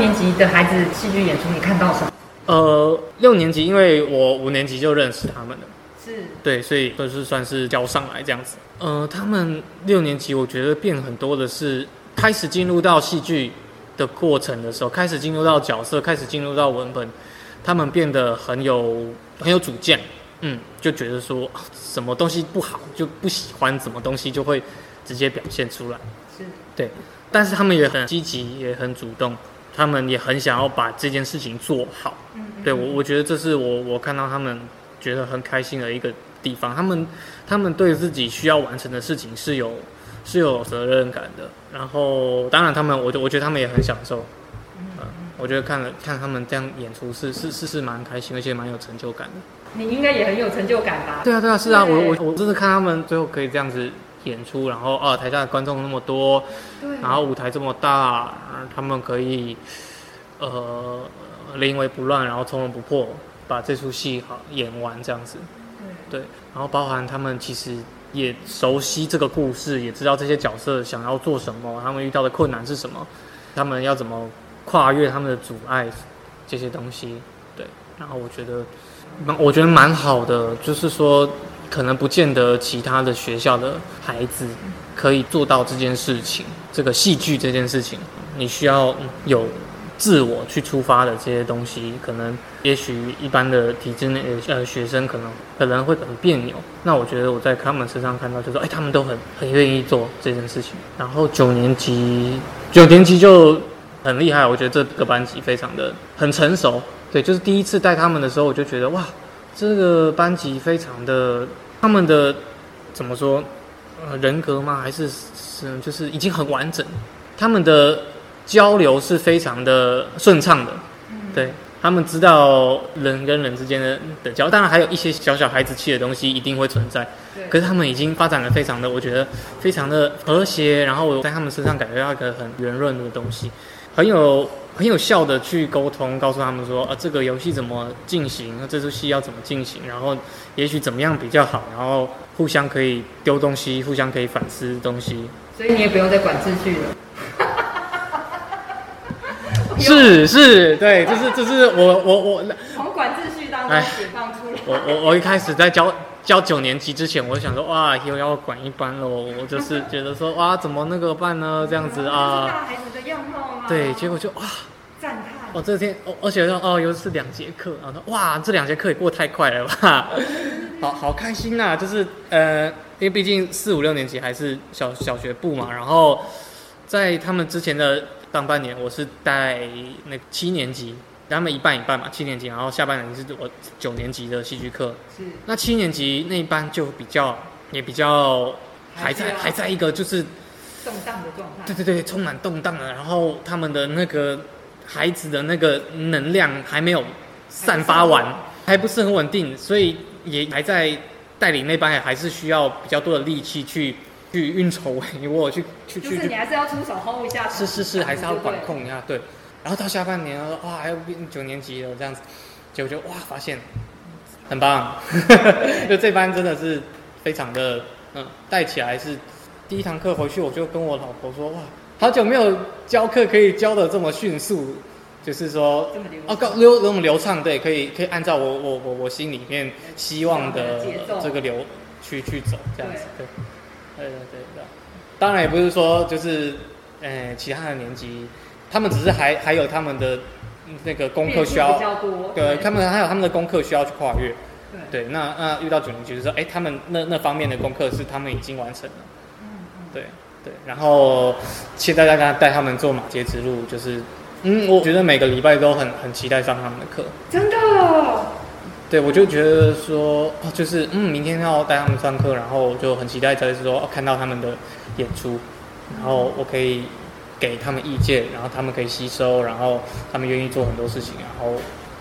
六年級的孩子戲劇演出，你看到什麼？呃，六年級，因為我五年級就認識他們了，是，對，所以都是算是教上來這樣子。呃，他們六年級，我覺得變很多的是，開始進入到戲劇的過程的時候，開始進入到角色，開始進入到文本，他們變得很有很有主見，嗯，就覺得說什麼東西不好，就不喜歡，什麼東西就會直接表現出來，是，對，但是他們也很積極，也很主動。他們也很想要把這件事情做好，嗯，嗯，對我我覺得這是我我看到他們覺得很開心的一個地方，他們他們對自己需要完成的事情是有是有責任感的，然後當然他們我我覺得他們也很享受，嗯，嗯，我覺得看了看他們這樣演出是是是是蠻開心，而且蠻有成就感的。你應該也很有成就感吧？對，對啊對啊是啊，我我我真的看他們最後可以這樣子。演出，然後啊，台下的觀眾那麼多，然後舞台這麼大，呃、他們可以呃臨危不亂，然後從容不迫，把這齣戲好演完這樣子對。對，然後包含他們其實也熟悉這個故事，也知道這些角色想要做什麼，他們遇到的困難是什麼，他們要怎麼跨越他們的阻礙這些東西。對，然後我覺得，我覺得蠻好的，就是說。可能不見得其他的學校的孩子可以做到這件事情，這個戲劇這件事情，你需要有自我去出發的這些東西，可能也許一般的體制內呃學生可能可能會很別扭，那我覺得我在他們身上看到就是說，哎，他們都很很願意做這件事情。然後九年級九年級就很厲害，我覺得這個班級非常的很成熟，對，就是第一次帶他們的時候，我就覺得哇，這個班級非常的。他們的怎麼說？呃，人格嗎？還是是就是已經很完整。他們的交流是非常的順暢的，嗯、對，他們知道人跟人之間的的交，當然還有一些小小孩子氣的東西一定會存在。可是他們已經發展得非常的，我覺得非常的和諧。然後我在他們身上感覺到一個很圓潤的東西，很有。很有效的去溝通，告訴他們說啊，這個遊戲怎麼進行，啊、這出戲要怎麼進行，然後也許怎麼樣比較好，然後互相可以丟東西，互相可以反思東西。所以你也不用再管秩序了。 是是，對，這、就是這、就是我我我從管秩序當中解放出來。我我我一開始在教。教九年級之前，我就想說，哇，又要管一班嘍！我就是覺得說，哇，怎麼那個辦呢？這樣子啊？對，結果就哇！讚嘆。我、哦、這個、天，哦，而且說，哦，又是兩節課，然後哇，這兩節課也過太快了吧？好好開心吶、啊！就是呃，因為畢竟四五六年級還是小小學部嘛。然後在他們之前的上半年，我是帶那七年級。他們一半一半嘛，七年級，然後下半年就是我九年級的戲劇課。是。那七年級那一班就比較，也比較還在還，還在一個就是動盪的狀態。對對對，充滿動盪的。然後他們的那個孩子的那個能量還沒有散發完，還不是很穩定，所以也還在帶領那班也還是需要比較多的力氣去去運籌。因 為我去去去。就是你還是要出手 hold 一下。是是是，還是要管控一下，對，對。然後到下半年啊，哇，還有九年級了這樣子，結果就哇發現很棒， 就這班真的是非常的嗯帶起來是第一堂課回去我就跟我老婆說，哇，好久沒有教課可以教得這麼迅速，就是說哦流那麼流暢、哦、流流流暢對，可以可以按照我我我我心裡面希望的這個流去去走這樣子對，對對對、對、對，當然也不是說就是嗯、呃、其他的年級。他們只是還還有他們的那個功課需要對，對，他們還有他們的功課需要去跨越，對，對那那遇到九年級就覺得說，哎、欸，他們那那方面的功課是他們已經完成了，嗯嗯對對，然後期待大家帶他們做馬街之路，就是嗯，我覺得每個禮拜都很很期待上他們的課，真的，對我就覺得說就是嗯，明天要帶他們上課，然後就很期待在這時候看到他們的演出，然後我可以。給他們意見，然後他們可以吸收，然後他們願意做很多事情，然後，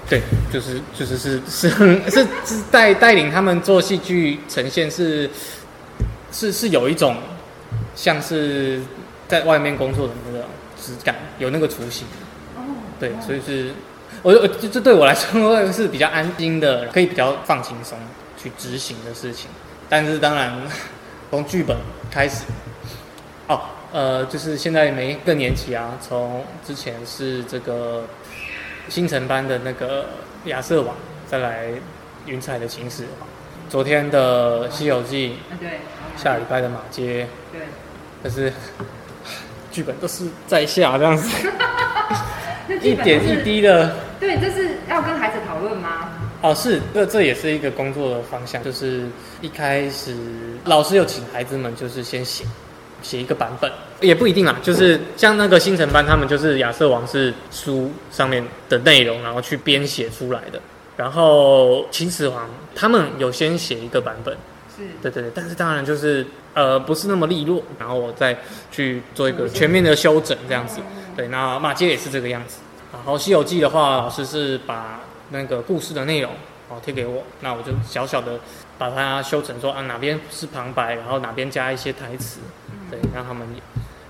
對，就是就是是是是是帶帶領他們做戲劇呈現是，是是是有一種像是在外面工作的那個質感，有那個雛形。對，所以是，我就這對我來說是比較安心的，可以比較放輕鬆去執行的事情。但是當然，從劇本開始，哦。呃，就是現在每一個年級啊，從之前是這個星辰班的那個亞瑟王，再來雲彩的情史，昨天的西遊記，對，下禮拜的馬街，對，可是劇本都是在下這樣子， 一點一滴的，對，這是要跟孩子討論嗎？哦，是，這這也是一個工作的方向，就是一開始老師有請孩子們就是先寫。寫一個版本也不一定啊，就是像那個星辰班，他們就是亞瑟王是書上面的內容，然後去編寫出來的。然後秦始皇他們有先寫一個版本，是對對對，但是當然就是呃不是那麼利落，然後我再去做一個全面的修整，這樣子。嗯嗯嗯、對，那馬街也是這個樣子。然後《西遊記》的話，老師是把那個故事的內容哦貼給我，那我就小小的把它修整，說啊哪邊是旁白，然後哪邊加一些台詞。對，讓他們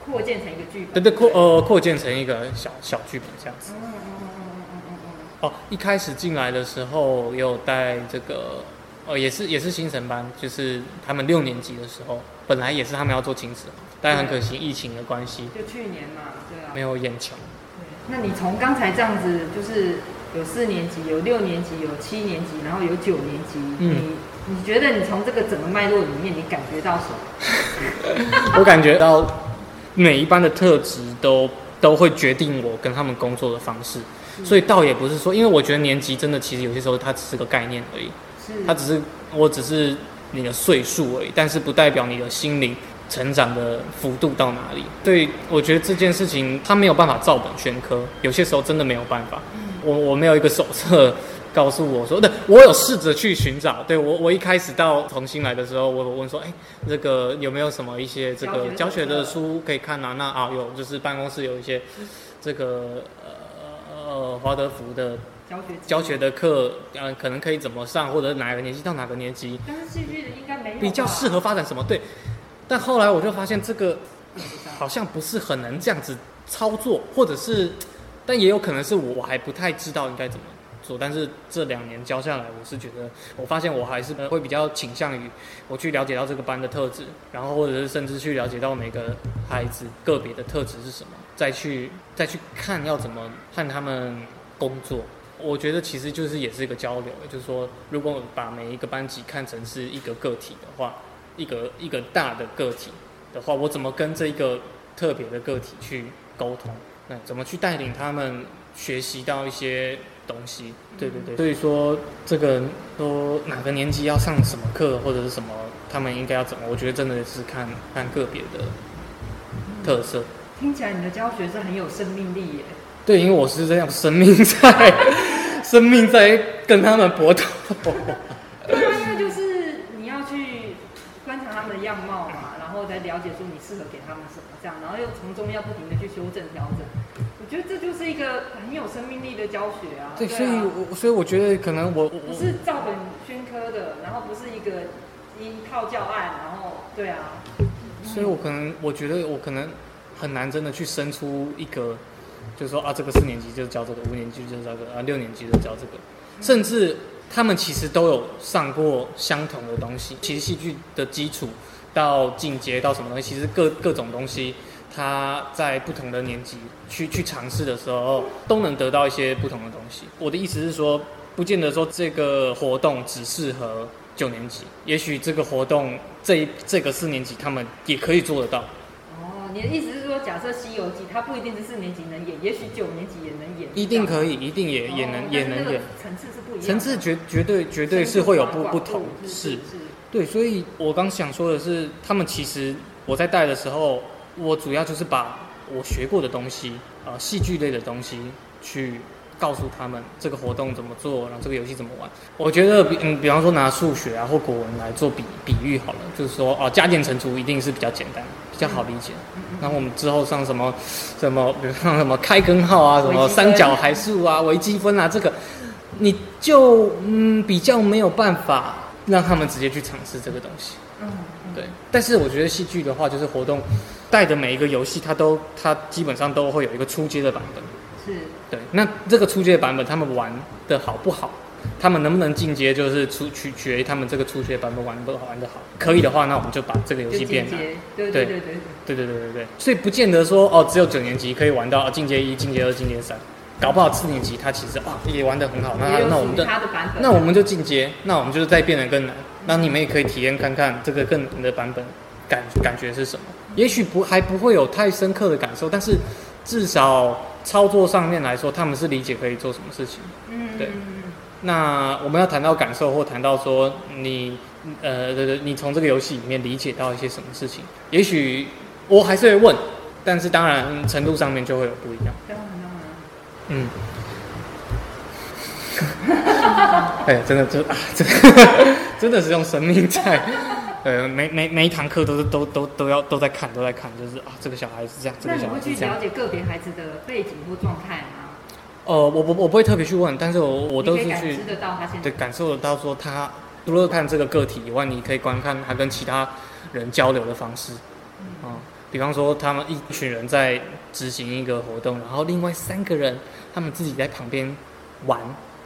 擴建成一個劇本。對對、擴呃，擴建成一個小小劇本這樣子。嗯嗯嗯嗯嗯嗯、哦一開始進來的時候也有帶這個，哦、呃、也是也是新生班，就是他們六年級的時候，本來也是他們要做親子，但很可惜疫情的關係。啊、就去年嘛，對啊。沒有演成。那你從剛才這樣子，就是有四年級，有六年級，有七年級，然後有九年級，嗯、你你覺得你從這個整個脈絡裡面，你感覺到什麼？ 我感覺到每一班的特質都都會決定我跟他們工作的方式，所以倒也不是說，因為我覺得年級真的其實有些時候它只是個概念而已，它只是我只是你的歲數而已，但是不代表你的心靈成長的幅度到哪裡。對，我覺得這件事情，它沒有辦法照本宣科，有些時候真的沒有辦法，我我沒有一個手冊。告訴我說，那我有試着去尋找。對，我我一開始到重新來的時候，我問說，哎，這個有沒有什麼一些這個教學的書可以看啊？那啊，有，就是辦公室有一些這個呃呃華德福的教學教學的課，嗯、呃，可能可以怎麼上，或者哪個年級到哪個年級？但是應該沒比較適合發展什麼？對，但後來我就發現這個好像不是很能這樣子操作，或者是，但也有可能是我我還不太知道應該怎麼。但是這兩年教下來，我是覺得，我發現我還是會比較傾向於我去了解到這個班的特質，然後或者是甚至去了解到每個孩子個別的特質是什麼，再去再去看要怎麼和他們工作。我覺得其實就是也是一個交流，就是說，如果我把每一個班級看成是一個個體的話，一個一個大的個體的話，我怎麼跟這一個特別的個體去溝通？那怎麼去帶領他們學習到一些？東西，對對對，嗯、所以說這個說哪個年級要上什麼課或者是什麼，他們應該要怎麼？我覺得真的是看看個別的特色，嗯。聽起來你的教學是很有生命力耶。對，因為我是這樣，生命在， 生命在跟他們搏鬥。 了解說你適合給他們什麼這樣，然後又從中要不停地去修正調整。我覺得這就是一個很有生命力的教學啊。對，所以我所以我覺得可能我我不是照本宣科的，然後不是一個一套教案，然後對啊。所以我可能我覺得我可能很難真的去生出一個，就是說啊，這個四年級就教這個，五年級就教這個，啊六年級就教這個，甚至他們其實都有上過相同的東西。其實戲劇的基礎。到進階到什麼東西，其實各各種東西，他在不同的年級去去嘗試的時候，都能得到一些不同的東西。我的意思是說，不見得說這個活動只適合九年級，也許這個活動這一這個四年級他們也可以做得到。哦，你的意思是說，假設《西遊記》它不一定是四年級能演，也許九年級也能演。一定可以，一定也、哦、也能也能演。層次是不一樣。層次絕絕對絕對是會有不寬度寬度不、不同是。對，所以我剛想說的是，他們其實我在帶的時候，我主要就是把我學過的東西，啊、呃，戲劇類的東西，去告訴他們這個活動怎麼做，然後這個遊戲怎麼玩。我覺得比，嗯，比方說拿數學啊或國文來做比比喻好了，就是說，哦、啊，加減乘除一定是比較簡單，比較好理解。嗯嗯嗯，然後我們之後上什麼，什麼，比如說上什麼開根號啊，什麼三角函數啊，微積分啊，這個你就嗯比較沒有辦法。讓他們直接去嘗試這個東西嗯。嗯，對。但是我覺得戲劇的話，就是活動帶的每一個遊戲，它都它基本上都會有一個初階的版本。是。對，那這個初階版本他們玩的好不好？他們能不能進階？就是出取決於他們這個初階版本玩的好，玩的好。可以的話，那我們就把這個遊戲變了。就進階。對對對對，對對對對。所以不見得說哦，只有九年級可以玩到進階一、進階二、進階三。搞不好四年級他其實也玩得很好，哦、那那我們的那我們就進階，那我們就是再變得更難。那、嗯、你們也可以體驗看看這個更難的版本感感覺是什麼，嗯、也許不還不會有太深刻的感受，但是至少操作上面來說，他們是理解可以做什麼事情，嗯，對。那我們要談到感受，或談到說你呃，你從這個遊戲裡面理解到一些什麼事情，也許我還是會問，但是當然程度上面就會有不一樣。嗯 哎呀，真的就啊，真， 真的是用生命在，呃，每每每一堂課都是都都都要都在看都在看，就是啊、這個這，這個小孩子這樣。那你會去了解個別孩子的背景或狀態嗎？呃，我不我，我不會特別去問，但是我我都是去感知得到他現在，對，感受得到說他除了看這個個體以外，你可以觀看他跟其他人交流的方式啊、呃，比方說他們一群人在。執行一個活動，然後另外三個人，他們自己在旁邊玩，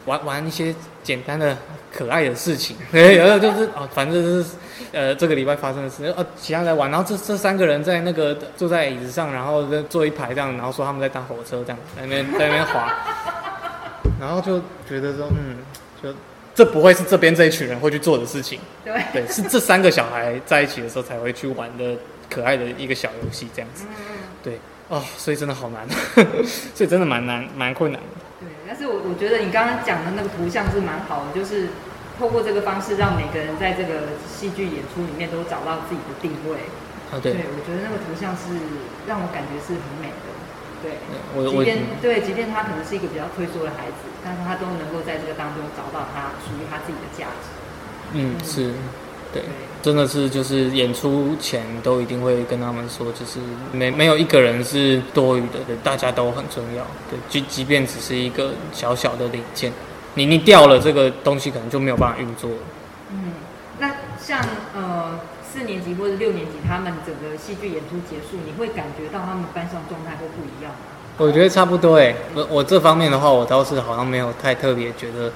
玩玩一些簡單的、可愛的事情，有的就是啊、哦，反正、就是呃這個禮拜發生的事情，呃、哦，其他在玩。然後這這三個人在那個坐在椅子上，然後坐一排這樣，然後說他們在搭火車這樣，在那邊在那邊滑， 然後就覺得說，嗯，就這不會是這邊這一群人會去做的事情，對，對，是這三個小孩在一起的時候才會去玩的可愛的一個小遊戲這樣子，對。哦、Oh，所以真的好難， 所以真的蠻難，蠻困難的。對，但是我我覺得你剛剛講的那個圖像是蠻好的，就是透過這個方式，讓每個人在這個戲劇演出裡面都找到自己的定位。Oh, 對。對，我覺得那個圖像是讓我感覺是很美的。對，我。我即便對，即便他可能是一個比較退縮的孩子，但是他都能夠在這個當中找到他屬於他自己的價值。嗯，是。對，真的是就是演出前都一定會跟他們說，就是沒沒有一個人是多餘的，對，大家都很重要，對，就即便只是一個小小的零件，你你掉了這個東西，可能就沒有辦法運作了。嗯，那像呃四年級或者六年級，他們整個戲劇演出結束，你會感覺到他們班上狀態會不一樣嗎？我覺得差不多誒，我我這方面的話，我倒是好像沒有太特別覺得。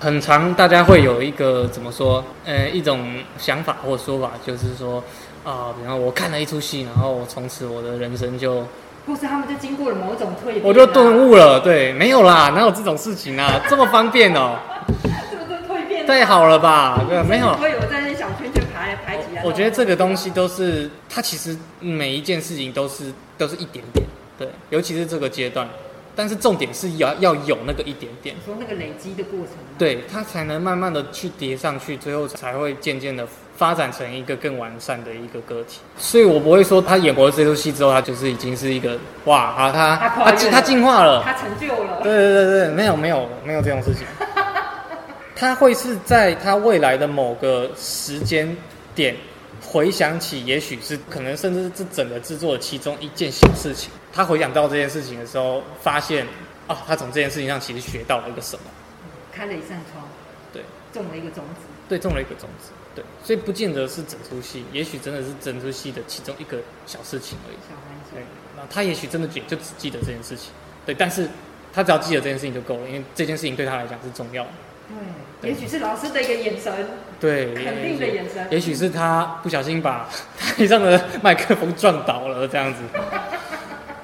很常大家會有一個怎麼說？呃、欸，一種想法或說法，就是說，啊、呃，比方說我看了一出戲，然後從此我的人生就或是他們就經過了某種蛻變，啊，我就頓悟了，對，沒有啦，哪有這種事情啊？ 這麼方便哦，喔，這麼多蛻變，啊，太好了吧？對，沒有，所以我在那小圈圈排排擠啊。我覺得這個東西都是，它其實每一件事情都是都是一點點，對，尤其是這個階段。但是重點是要要有那個一點點，說那個累積的過程，對，他才能慢慢的去疊上去，最後才會漸漸的發展成一個更完善的一個個體。所以我不會說他演過了這出戲之後，他就是已經是一個哇，他他他進他進化了，他成就了。對對對對，沒有沒有沒有這種事情， 他會是在他未來的某個時間點回想起，也許是可能，甚至是這整個製作的其中一件小事情。他回想到這件事情的時候，發現，啊、哦，他從這件事情上其實學到了一個什麼，開了一扇窗，對，種了一個種子，對，種了一個種子，對，所以不見得是整出戲，也許真的是整出戲的其中一個小事情而已，小孩，對，他也許真的也就只記得這件事情，對，但是他只要記得這件事情就夠了，因為這件事情對他來講是重要的，對，對也許是老師的一個眼神。對，肯定的眼神。也許是他不小心把台上的麥克風撞倒了，這樣子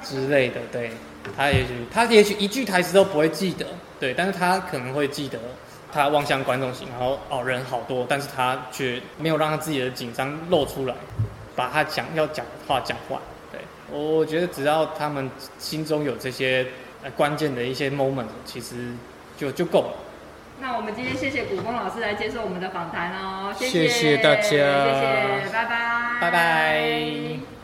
之類的。對，他也許他也許一句台詞都不會記得，對，但是他可能會記得，他望向觀眾席，然後哦，人好多，但是他卻沒有讓他自己的緊張露出來，把他講要講的話講完。對，我覺得只要他們心中有這些呃關鍵的一些 moment，其實就就夠了。那我們今天謝謝古峰老師來接受我們的訪談哦。謝謝，謝謝大家，謝謝，拜拜，拜拜。拜拜。